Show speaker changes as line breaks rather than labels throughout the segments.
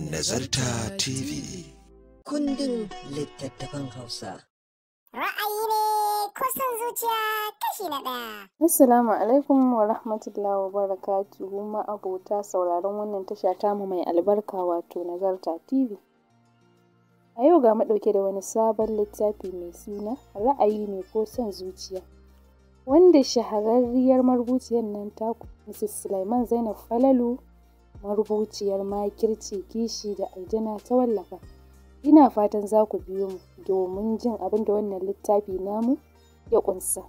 Nazarta TV. Kundin littattafan Hausa. Ra'ayi ne kusan zuciya kashi na ɗaya. Assalamu alaikum wa rahmatullahi wa barakatuhu ma abota sauraron wannan tasha tamu mai albarka wato Nazarta TV. A yau ga maɗauke da wani sabon littafi mai suna ra'ayi ne ko son zuciya. Wanda shahararriyar marubuciyar nan taku Mrs. Sulaiman Zainab Falalu marubuciyar Makirci, Kishi da Aljana ta wallafa. Ina fatan za ku biyo mu domin jin abin da wannan littafi namu ya ƙunsa.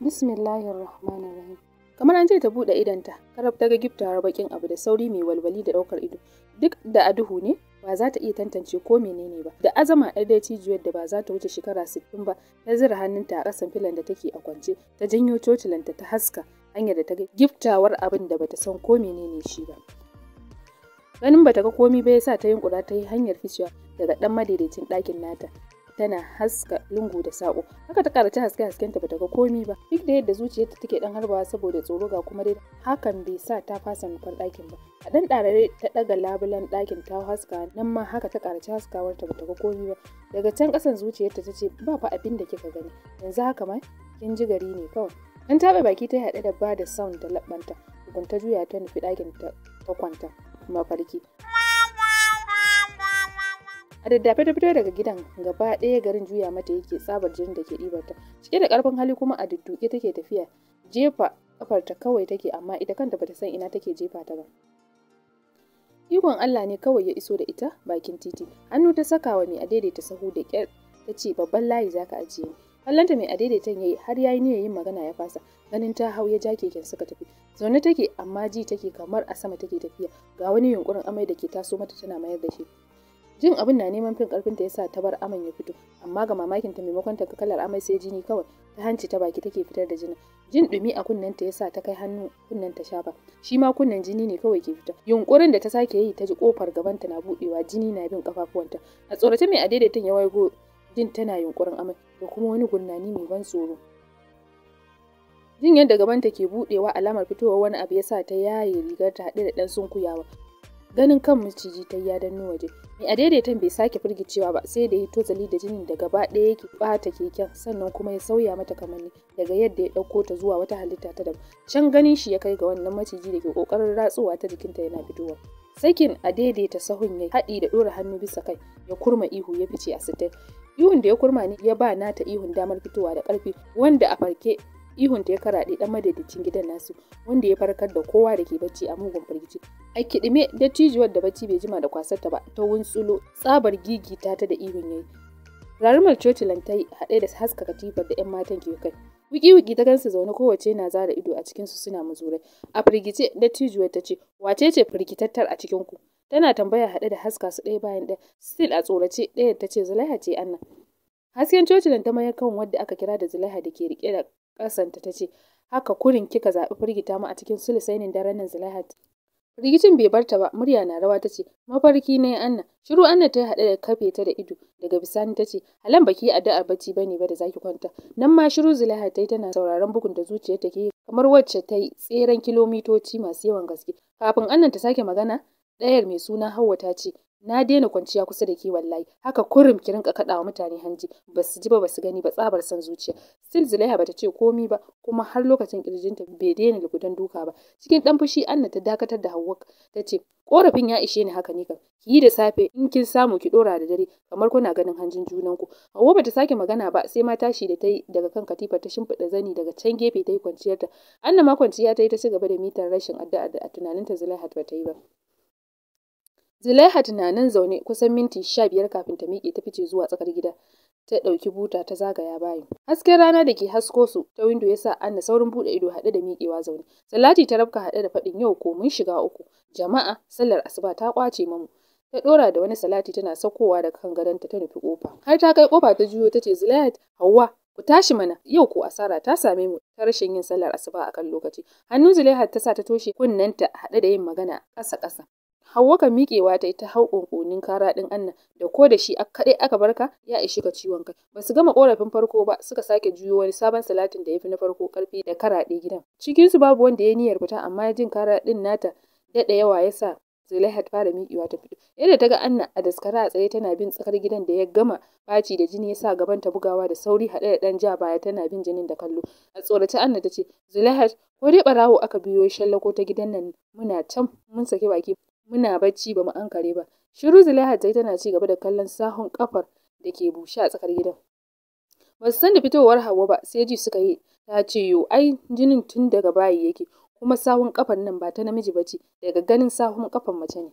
Bismillahirrahmanirrahim. Kamar an ce ta buɗe idanta, karab ta ga giftawar bakin abu da sauri mai walwali da ɗaukar ido. Duk da a duhu ne, ba za ta iya tantance ko menene ba. Da azama ɗaya dai cijiyar da ba za ta wuce shekara sittin ba, ta zira hannunta a kasan filan da take a kwance, ta janyo cocilanta ta haska, hanyar da ta giftawar abin da bata san ko menene shi ba ganin bata ga komi ba yasa ta yunkura ta yi hanyar ficewa daga dan madaidaicin dakin nata tana haska lungu da sako haka ta karaci haske haskenta bata ga komi ba duk da yadda zuciyarta take dan harbawa saboda tsoro ga kuma dai hakan bai sa ta fasa nufar ɗakin ba a dan ɗarare ta daga labulan ɗakin ta haska nan ma haka ta karaci haskawarta bata ga komi ba daga can ƙasan zuciyarta ta ce ba fa abin da kika gani yanzu haka ma kin ji gari ne kawai an taɓa baki ta haɗe da ba da sound da labbanta tukun ta juya ta nufi ɗakin ta kwanta mafarki a daddafe ta fito daga gidan gaba ɗaya garin juya mata yake tsabar jirin da ke ɗibarta cike da ƙarfin hali kuma a dudduke take tafiya jefa ta kawai take amma ita kanta bata san ina take jefa ta ba ikon Allah ne kawai ya iso da ita bakin titi hannu ta saka wa mai daidaita sahu da ƙyar ta ce babban layi zaka ajiye kallonta mai adaidaitan yayi har yayi niyyar yin magana ya fasa ganin ta hau ya ja keken suka tafi zaune take amma ji take kamar a sama take tafiya ga wani yunkurin amai da ke taso mata tana mayar da shi jin abin na neman fin karfinta yasa ta bar aman ya fito amma ga mamakin ta maimakon ta kalar amai sai jini kawai ta hanci ta baki take fitar da jinin jin dumi a kunnen ta yasa ta kai hannu kunnen ta shafa shi ma kunnen jini ne kawai ke fita yunkurin da ta sake yi ta ji kofar gaban ta na budewa jini na bin kafafuwanta a tsorata mai adaidaitan ya waigo jin tana yunkurin amai da kuma wani gurnani mai ban tsoro jin yadda ta ke buɗewa alamar fitowar wani abu ya sa ta yaye rigar ta haɗe da ɗan sunkuyawa ganin kan maciji ta ya danno waje mai a daidaitan bai sake firgicewa ba sai da ya tozali da jinin da gaba ɗaya yake ɓata keken sannan kuma ya sauya mata kamanni daga yadda ya ɗauko ta zuwa wata halitta ta daban can ganin shi ya kai ga wannan maciji da ke ƙoƙarin ratsuwa ta jikinta yana fitowa sakin a daidaita sahun ya haɗi da ɗora hannu bisa kai ya kurma ihu ya fice a sitar ihun da ya kurma ni ya ba nata ihun damar fitowa da ƙarfi wanda a farke ihun ta ya karaɗe ɗan madadicin gidan nasu wanda ya farkar da kowa da ke bacci a mugun firgici a kiɗime da cijiwar da bacci bai jima da kwasarta ba ta wuntsulo tsabar gigi ta ta da ihun yayi rarumar cocilan ta yi haɗe da haska katifar da 'yan matan ke kai wiki-wiki ta gansu zaune kowace na zara ido a cikinsu suna muzurai a firgice da cijiwar ta ce wace ce firgitattar a cikinku tana tambaya haɗe da haska su ɗaya bayan ɗaya still a tsorace ɗaya ta ce zulaiha ce anna hasken cocilan ta mayar kan wadda aka kira da zulaiha da ke riƙe da ƙasanta ta ce haka kurin kika zaɓi firgita mu a cikin sulusainin daren nan zulaiha Rigicin bai barta ta ba, murya na rawa ta ce, Mafarki ne Anna, shiru Anna ta yi haɗe da kafe ta da ido, daga bisani ta ce, Halan baki addu'ar bacci ba ne ba da zaki kwanta. Nan ma shiru Zulaiha ta yi tana sauraron bugun da zuciyar ta yi, kamar wacce ta yi tseren kilomitoci masu yawan gaske. Kafin annan ta sake magana, Ɗayar mai suna Hauwa ta ce, Na daina kwanciya kusa da ke wallahi, haka kurum ki rinka kaɗawa mutane hanji, ba su ji ba ba su gani ba tsabar san zuciya. sil Zulaiha bata ce komi ba kuma har lokacin ƙirjinta bai daina lugudan duka ba. Cikin ɗan fushi Anna ta dakatar da Hauwa ta ce, Korafin ya ishe ni haka ne kam, ki yi da safe in kin samu ki ɗora da dare kamar kuna ganin hanjin junanku. Hauwa bata sake magana ba sai ma tashi da ta yi daga kan katifa ta shimfiɗa zani daga can gefe ta yi kwanciyarta. Anna ma kwanciya ta yi ta ci gaba da mitar rashin addu'a da tunaninta Zulaiha bata yi ba. Zulaiha nan zaune kusan minti sha biyar kafin ta miƙe ta fice zuwa tsakar gida. Ta ɗauki buta ta zagaya bayi. Hasken rana da ke hasko su ta windo ya sa Anna saurin buɗe ido haɗe da miƙewa zaune. Salati ta rabka haɗe da faɗin yau ko mun shiga uku. Jama'a sallar asuba ta ƙwace mamu. ta ɗora da wani salati tana saukowa daga kan gadonta ta nufi kofa har ta kai kofa ta juyo ta ce Zulaihat hawa ku tashi mana yau ko asara ta same mu ta rashin yin sallar asuba a kan lokaci hannu Zulaihat ta sa ta toshe kunnenta haɗe da yin magana ƙasa ƙasa Hauwa miƙe miƙewa ta yi ta hau ƙunƙunin kara ɗin Anna da ko da shi kaɗai aka barka ya ishi ka ciwon kai. Ba su gama ƙorafin farko ba suka sake juyo wani sabon salatin da ya fi na farko ƙarfi da karaɗe gidan. Cikinsu babu wanda ya niyyar fita amma jin kara ɗin nata daɗa yawa ya sa Zulaihat fara miƙewa ta fito. Yadda ta ga Anna a daskara a tsaye tana bin tsakar gidan da ya gama baci da jini ya sa gaban ta bugawa da sauri haɗe da ɗan ja baya tana bin jinin da kallo. A tsorace Anna ta ce, Zulaihat ko dai ɓarawo aka biyo shallako ta gidan nan muna can mun saki baki Muna bacci ba mu ankare ba. Shiru Zulaihat ta yi tana ci gaba da kallon sahun kafar da ke bushe a tsakar gidan. Ba su san da fitowar Hauwa ba sai ji suka yi ta ce yo ai jinin tun daga bayi yake kuma sahun kafar nan ba ta namiji ba ce daga ganin sahun kafar mace ne.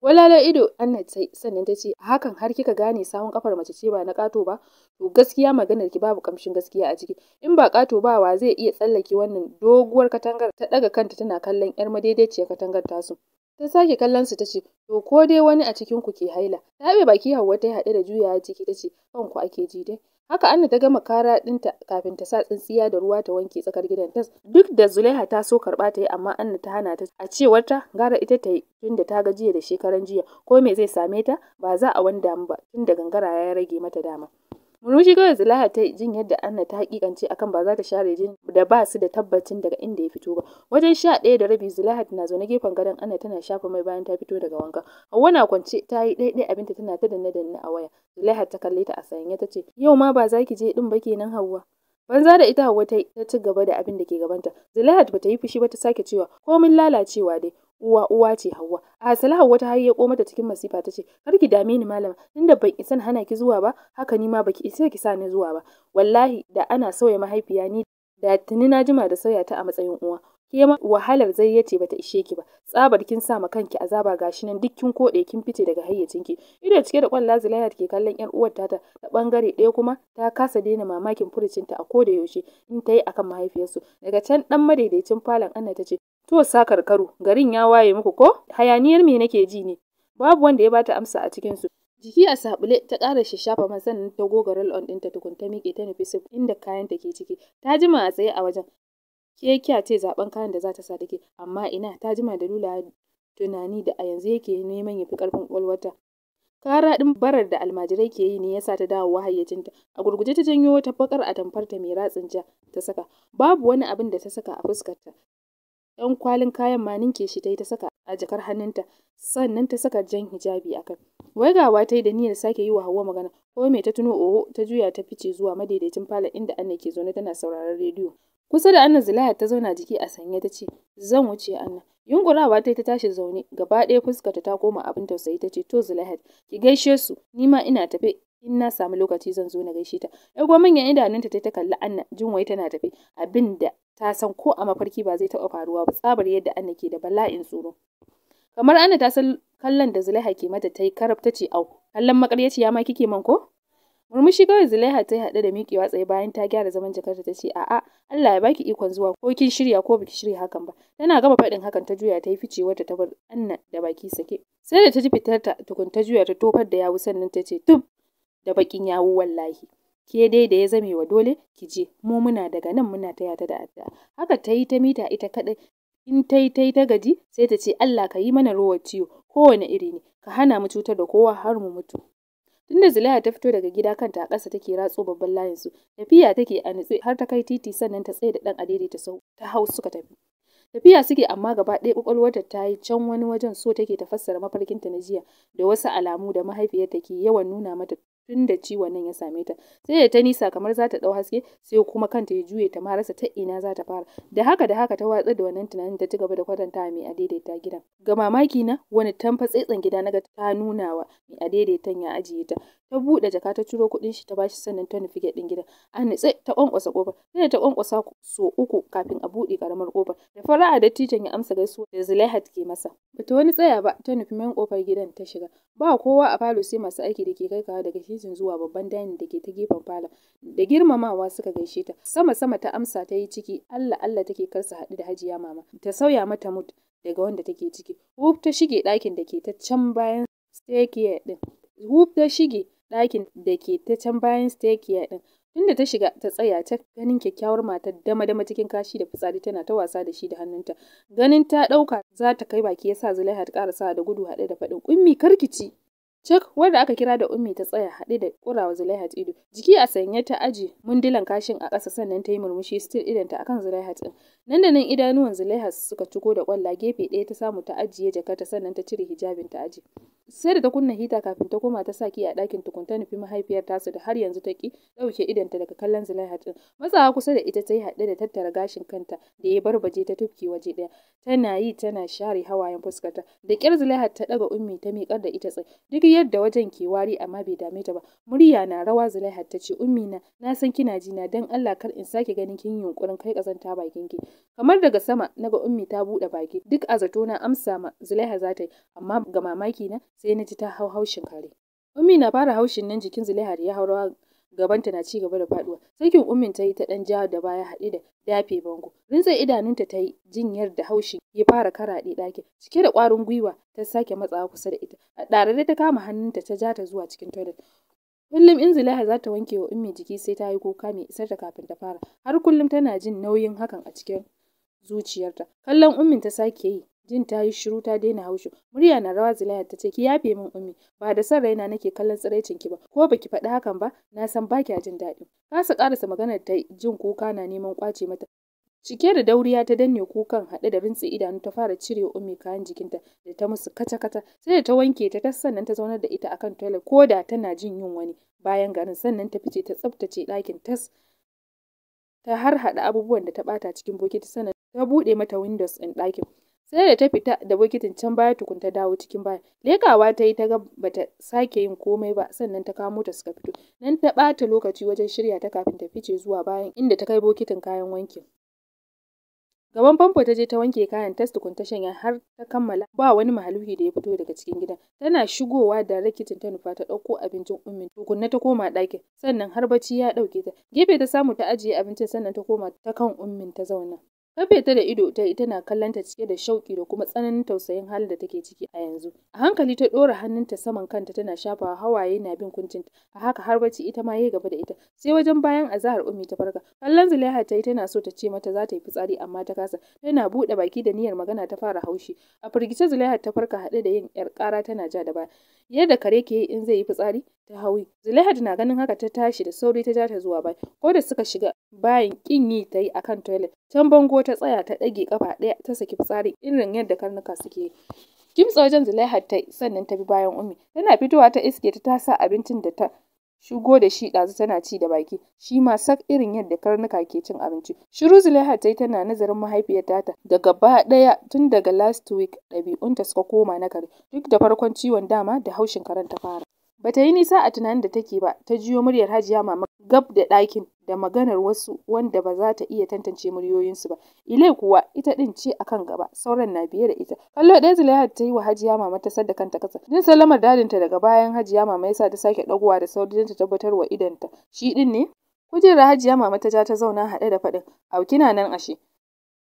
walala ido Anna ta sannan ta ce hakan har kika gane sahun kafar mace ce ba na kato ba to gaskiya maganar ki babu kamshin gaskiya a ciki in ba kato ba wa zai iya tsallake wannan doguwar katangar ta daga kanta tana kallon yar madaidaiciyar katangar tasu. ta sake kallon su ta ce, to ko dai wani a cikin ku ke haila ta abe baki Hauwa ta haɗe da juyawa ciki tace kanku ake ji dai haka Anna ta gama kara ɗinta kafin ta sa tsintsiya da ruwa ta wanke tsakar gidan ta duk da Zulaiha ta so karɓa ta yi amma Anna ta hana ta a cewar ta gara ita ta yi tunda ta ga jiya da shekaran jiya ko me zai same ta ba za a wanda mu ba tunda gangara ya rage mata dama Murmushi kawai Zulaha ta yi jin yadda Anna ta hakikance akan ba za ta share jin da ba su da tabbacin daga inda ya fito ba. Wajen sha ɗaya da rabi Zulaha na zaune gefen gadon Anna tana shafa mai bayan ta fito daga wanka. Hauwa na kwance ta yi ɗaiɗai ta tana ta danne danne a waya. Zulaha ta kalle ta a sanye ta ce yau ma ba za ki je ɗin ba kenan Hauwa. Banza da ita Hauwa ta ci gaba da abin da ke gabanta. Zulahat ba ta yi fushi ba ta sake cewa komin lalacewa dai uwa uwa ce Hauwa. A hasala Hauwa ta koma mata cikin masifa ta ce, "Kar ki dame ni malama, tunda ban isan hana ki zuwa ba, haka ni ma baki isa ki sa ni zuwa ba. Wallahi da ana sauya mahaifiya ni da tuni na jima da sauya ta a matsayin uwa." Ke ma wahalar zai yace bata ishe ki ba. Tsabar kin sa ma kanki azaba gashi nan duk kin kode kin fice daga hayyacinki. Ido cike da kwalla zilayar ke kallon yar uwar ta ta bangare ɗaya kuma ta kasa daina mamakin furucinta a koda yaushe in ta yi akan mahaifiyarsu. Daga can dan madaidaicin falon Anna tace, To sakar karu. garin ya waye muku ko? Hayaniyar me nake ji ne? Babu wanda ya bata amsa a cikin su. Jiki a sabule ta ƙara shafa man sannan ta goga roll on ɗinta tukun ta miƙe ta nufi sif inda kayan ke ciki. Ta jima a tsaye a wajen. Ke kya ce zaben kayan da za ta sa take, amma ina ta jima da lula tunani da a yanzu yake neman ya fi ƙarfin ƙwalwata? Kara ɗin barar da almajirai ke yi ne ya sa ta dawowa hayyacinta. A gurguje ta janyo wata a tamfarta mai ratsin ja ta saka. Babu wani abin da ta saka a fuskarta Dan kwalin kayan ma ninke shi ta yi ta saka a jakar hannunta, sannan ta saka jan hijabi a kai. gawa ta yi da niyyar sake yi wa Hauwa magana, ko me ta tuno oho ta juya ta fice zuwa madaidaicin falon inda Anna ke zaune tana sauraron rediyo. Kusa da Anna Zulaiha ta zauna jiki a sanye ta ce, "Zan wuce Anna." Yungurawa ta yi ta tashi zaune, gaba ɗaya fuskarta ta koma abin tausayi ta ce, "To Zulaihat, ki gaishe su, ni ma ina tafe." in na samu lokaci zan zo na gaishe ta ɗago manyan idanunta ta ta kalli Anna jinwai tana tafi abin da ta san ko a mafarki ba zai taɓa faruwa ba tsabar yadda Anna ke da bala'in tsoro kamar Anna ta san kallon da Zulaiha ke mata ta yi karab ta ce au kallon makaryaci ya ma kike man ko murmushi kawai Zulaiha ta yi haɗe da miƙewa tsaye bayan ta gyara zaman jakarta ta ce a'a Allah ya baki ikon zuwa ko kin shirya ko biki shirya hakan ba tana gama faɗin hakan ta juya ta yi fice wata ta bar Anna da baki sake sai da ta ji fitar ta tukun ta juya ta tofar da yawu sannan ta ce tub da bakin yawo wallahi ke dai da ya zame wa dole ki je mu muna daga nan muna ta ta da addu'a haka ta yi ta mita ita kadai in ta yi ta yi ta gaji sai ta ce Allah ka yi mana ruwa ciwo kowane iri ne ka hana mu cutar da kowa har mu mutu tunda Zulaiha ta fito daga gida kanta a ƙasa take ratso babban layin su tafiya take a nutse har ta kai titi sannan ta tsaye da dan adede ta sau ta hau suka tafi tafiya suke amma gaba ɗaya kwakwalwarta ta yi can wani wajen so take ta fassara mafarkinta na jiya da wasu alamu da mahaifiyarta ke yawan nuna mata tun da ciwon nan ya same ta sai da ta nisa kamar za ta dau haske sai kuma kanta ya juye ta marasa ta ina za ta fara da haka da haka ta watsa da wannan tunanin ta ci gaba da kwatanta mai adaidaita gidan ga mamaki na wani tamfa tsaitsan gida ga ta nuna wa mai adaidaitan ya ajiye ta ta buɗe jaka ta ciro kuɗin shi ta bashi sannan ta nufi gyaɗin gidan a nitse ta kwankwasa kofar sai ta ƙwanƙwasa so uku kafin a buɗe ƙaramar kofar da fara'a da titan ya amsa gaisuwa da Zulaihat ke masa ta wani tsaya ba ta nufi man ƙofar gidan ta shiga ba kowa a falo sai masu aiki da ke kai kaikawa daga titin zuwa babban dining da ke ta gefen falon da girmamawa suka gaishe ta sama sama ta amsa ta yi ciki Allah Allah take karsa haɗu da hajiya mama ta sauya mata mut daga wanda take ciki wuf ta shige ɗakin da ke ta can bayan staircase ɗin wuf ta shige ɗakin da ke ta can bayan stakiya ɗin. Tunda ta shiga ta tsaya ta ganin kyakkyawar matar dama-dama cikin kashi da fitsari tana ta wasa da shi da hannunta. Ganin ta ɗauka za ta kai baki ya sa Zulaiha ta ƙara sa da gudu haɗe da faɗin, ƙummi ki ci. Cak wadda aka kira da Ummi ta tsaya haɗe da ƙurawa Zulaihat ido. Jiki a sanye ta aji mundilan kashin a ƙasa sannan ta yi murmushi still ta akan Zulaihat ɗin Nan da nan idanuwan Zulaihat suka ciko da ƙwalla gefe ɗaya ta samu ta ajiye jakarta sannan ta cire hijabin ta aji Sai da ta kunna hita kafin ta koma ta saki a ɗakin tukunta nufi mahaifiyar tasu da har yanzu ta ki ɗauke idanta daga kallon Zulaihat ɗin Matsawa kusa da ita ta yi haɗe da tattara gashin kanta da ya barbaje ta tufki waje ɗaya. Tana yi tana share hawayen fuskarta. Da ƙyar Zulaihat ta ɗaga Ummi ta miƙar da ita tsaye. Duk yadda wajen ke wari amma bai dame ta ba. Murya na rawa zulaiha ta ce ummi na na san kina ji na dan Allah kar in sake ganin kin yunkurin kai kazanta bakin ki. Kamar daga sama naga ummi ta bude baki duk a zato na amsa ma Zulaiha za ta yi amma ga mamaki na sai na ji ta hau haushin kare. Ummi na fara haushin nan jikin Zulaiha ya hau rawa. gabanta na ci gaba da faduwa sarkin ummin ta yi ta dan ja da baya haɗe da dafe bango rinsa idanunta ta yi jinyar da haushi ya fara karaɗe ɗakin cike da ƙwarin gwiwa ta sake matsawa kusa da ita a ɗarare ta kama hannunta ta ja ta zuwa cikin toilet kullum in zulaiha za ta wanke wa ummi jiki sai ta yi kuka mai isar da kafin ta fara har kullum tana jin nauyin hakan a cikin zuciyarta kallon ummin ta sake yi jin ta yi shiru ta daina haushi murya na rawa zulaiha ta ce ki yafe min ummi ba da san raina nake kallon tsiraicin ki ba ko baki faɗi hakan ba na san ba kya jin daɗi kasa karasa maganar ta jin kuka na neman kwace mata cike da dauriya ta danne kukan haɗe da rintsi idanu ta fara cire ummi kayan jikinta da ta musu kata kata sai da ta wanke ta sannan ta zaunar da ita akan toilet ko da tana jin yin wani bayan garin sannan ta fice ta tsaftace ɗakin tas ta har haɗa abubuwan da ta bata cikin bokiti sannan ta buɗe mata windows ɗin ɗakin sai da ta fita da bokitin can baya tukun ta dawo cikin baya lekawa ta yi ta ga bata sake yin komai ba sannan ta kamo ta suka fito nan ta ɓata lokaci wajen shirya ta kafin ta fice zuwa bayan inda ta kai bokitin kayan wankin gaban famfo ta je ta wanke kayan ta tukun ta shanya har ta kammala ba wani mahaluhi da ya fito daga cikin gidan tana shigowa da rakitin ta nufa ta ɗauko abincin ummin tukunna ta koma ɗakin sannan har bacci ya ɗauke ta gefe ta samu ta ajiye abincin sannan ta koma ta kan ummin ta zauna kafe ta da ido ta yi tana kallonta cike da shauƙi da kuma tsananin tausayin halin da take ciki a yanzu. A hankali ta ɗora hannunta saman kanta tana shafawa hawaye na bin kuncin A haka har bacci ita ma yayi gaba da ita. Sai wajen bayan azahar Ummi ta farka. Kallon Zulaiha ta yi tana so ta ce mata za ta yi fitsari amma ta kasa. Tana buɗe baki da niyyar magana ta fara haushi. A firgice Zulaiha ta farka haɗe da yin yar ƙara tana ja da baya. Yadda kare ke yi in zai yi fitsari ta hawi zulaihat na ganin haka ta tashi da sauri ta ja ta zuwa bai ko da suka shiga bayan kin yi ta yi akan toilet can bango ta tsaya ta ɗage kafa ɗaya ta saki fitsari irin yadda karnuka suke kimtsa wajen zulaihat ta sannan ta bi bayan ummi tana fitowa ta iske ta tasa abincin da ta shigo da shi ɗazu tana ci da baki shi ma sak irin yadda karnuka ke cin abinci shiru zulaiha ta yi tana nazarin mahaifiyar ta da gaba ɗaya tun daga last week ɗabi'unta suka koma na kare duk da farkon ciwon dama da haushin karen ta fara Ba ta yi nisa a tunanin da take ba, ta jiyo muryar Hajiya Mama gab da ɗakin da maganar wasu wanda ba za ta iya tantance muryoyinsu ba. Ilai kuwa ita ɗin ce a kan gaba, sauran na biye da ita. Kallo ɗaya Zulaihat ta yi wa Hajiya Mama ta sadda kanta kasa. Jin sallamar dadinta daga bayan Hajiya Mama ya sa ta sake ɗagowa da saurin ta tabbatar wa idonta. Shi ɗin ne? Kujerar Hajiya Mama ta ja ta zauna haɗe da faɗin, na nan ashe."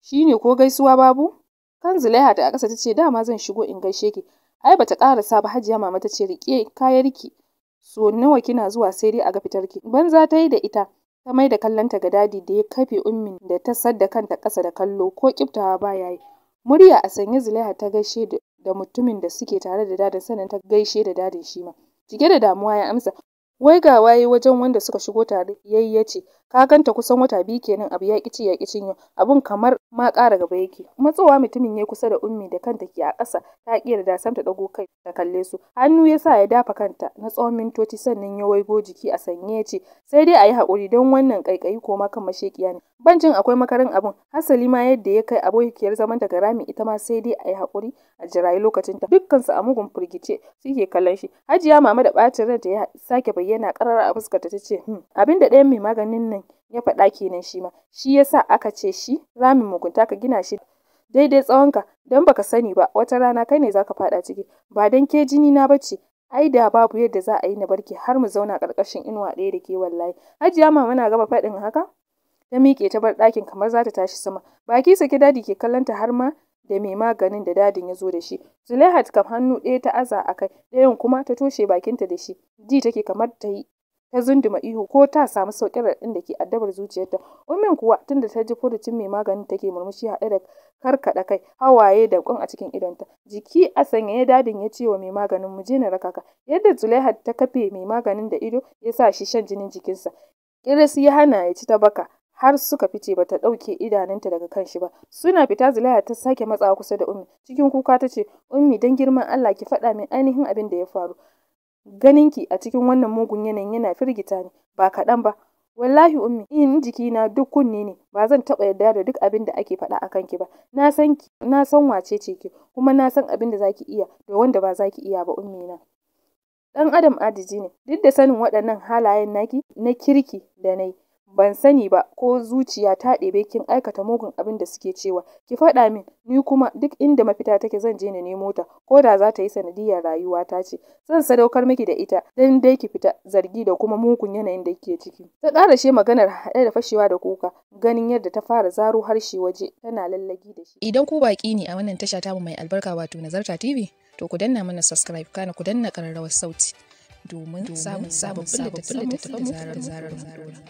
Shi ne ko gaisuwa babu? Kan Zulaihat a ƙasa ta ce, "Dama zan shigo in gaishe ki." ai bata karasa ba hajiya mama ta ce rike kayarki so nawa kina zuwa sai dai a ga fitarki banza ta yi da ita ta mai da kallon ta ga dadi da ya kafe ummin da ta sadda kanta kasa da kallo ko kiftawa ba yi murya a sanye zulaiha ta gaishe da mutumin da suke tare da dadin sannan ta gaishe da dadin shi ma cike da damuwa ya amsa wai ga waye wajen wanda suka shigo tare yace ka ganta kusan wata biyu kenan abu ya kici ya kicin yau abun kamar ma ƙara gaba yake matsowa mutumin ya kusa da ummi da kanta ke a kasa ta ki da sam ta dago kai ta kalle su hannu ya sa ya dafa kanta na tsawon mintoci sannan ya waigo jiki a sanye ce sai dai a yi haƙuri don wannan ƙaiƙayi ko ma kan mashekiya ne ban jin akwai makarin abun hasali ma yadda ya kai abokiyar zaman ta garami ita ma sai dai a yi haƙuri a jirayi lokacin ta dukkansu a mugun firgice suke kallon shi hajiya mama da bacin ranta ya sake bayyana karara a fuskar ta ce hmm, abin da ɗayan mai maganin nan ya faɗa kenan shi ma shi yasa aka ce shi ramin mugunta ka gina shi daidai tsawonka don baka sani ba wata rana kai ne zaka faɗa ciki ba dan ke jini na bace ai da babu yadda za a yi na barki har mu zauna karkashin inuwa ɗaya da ke wallahi hajiya mama na gaba faɗin haka ta miƙe ta bar ɗakin kamar za ta tashi sama baki sake dadi ke kallon har ma da mai maganin da dadin ya zo da shi zulaihat kam hannu ɗaya ta aza a kai ɗayan kuma ta toshe bakinta da shi ji take kamar ta yi ta zunduma ihu ko ta samu sauƙin raɗin da ke addabar zuciyarta ummin kuwa tunda ta ji furucin mai maganin take murmushi haɗe da karkaɗa kai hawaye da kun a cikin idonta jiki a sanya ya dadin ya ce wa mai maganin mu je na raka ka yadda zulaiha ta kafe mai maganin da ido ya sa shi shan jinin jikinsa kiris ya hana ya ci ta baka har suka fice ba ta ɗauke idanunta daga kan shi ba suna fita zulaiha ta sake matsawa kusa da ummi cikin kuka ta ce ummi don girman Allah ki faɗa min ainihin abin da ya faru Ganinki a cikin wannan mugun yanayin yana firgita ni ba kaɗan ba. Wallahi ummi, in na duk kunne ne, ba zan taɓa yarda da duk abin da ake faɗa a kanki ba. Na san ki, na san wace ce ki, kuma na san abin da zaki iya da wanda ba zaki iya ba ummi na. Dan Adam adiji ne, duk da sanin waɗannan halayen naki na kirki da nayi, Ban sani ba ko zuciya ta ɗebe kin aikata mugun abin da suke cewa, ki faɗa min, ni kuma duk inda mafita take zan je na ne mota ko da za ta yi sanadiyar rayuwa ta ce. Zan sadaukar miki da ita dan dai ki fita zargi da kuma mugun yanayin da kike ciki. Ta ƙara shi maganar haɗe da fashewa da kuka, ganin yadda ta fara zaro harshe waje tana lallagi da shi. Idan ku baƙi ne a wannan tasha tamu mai albarka wato Nazarta TV, to ku danna mana subscribe kana ku danna ƙararrawar sauti. domin samun sababbin littattafan da zarar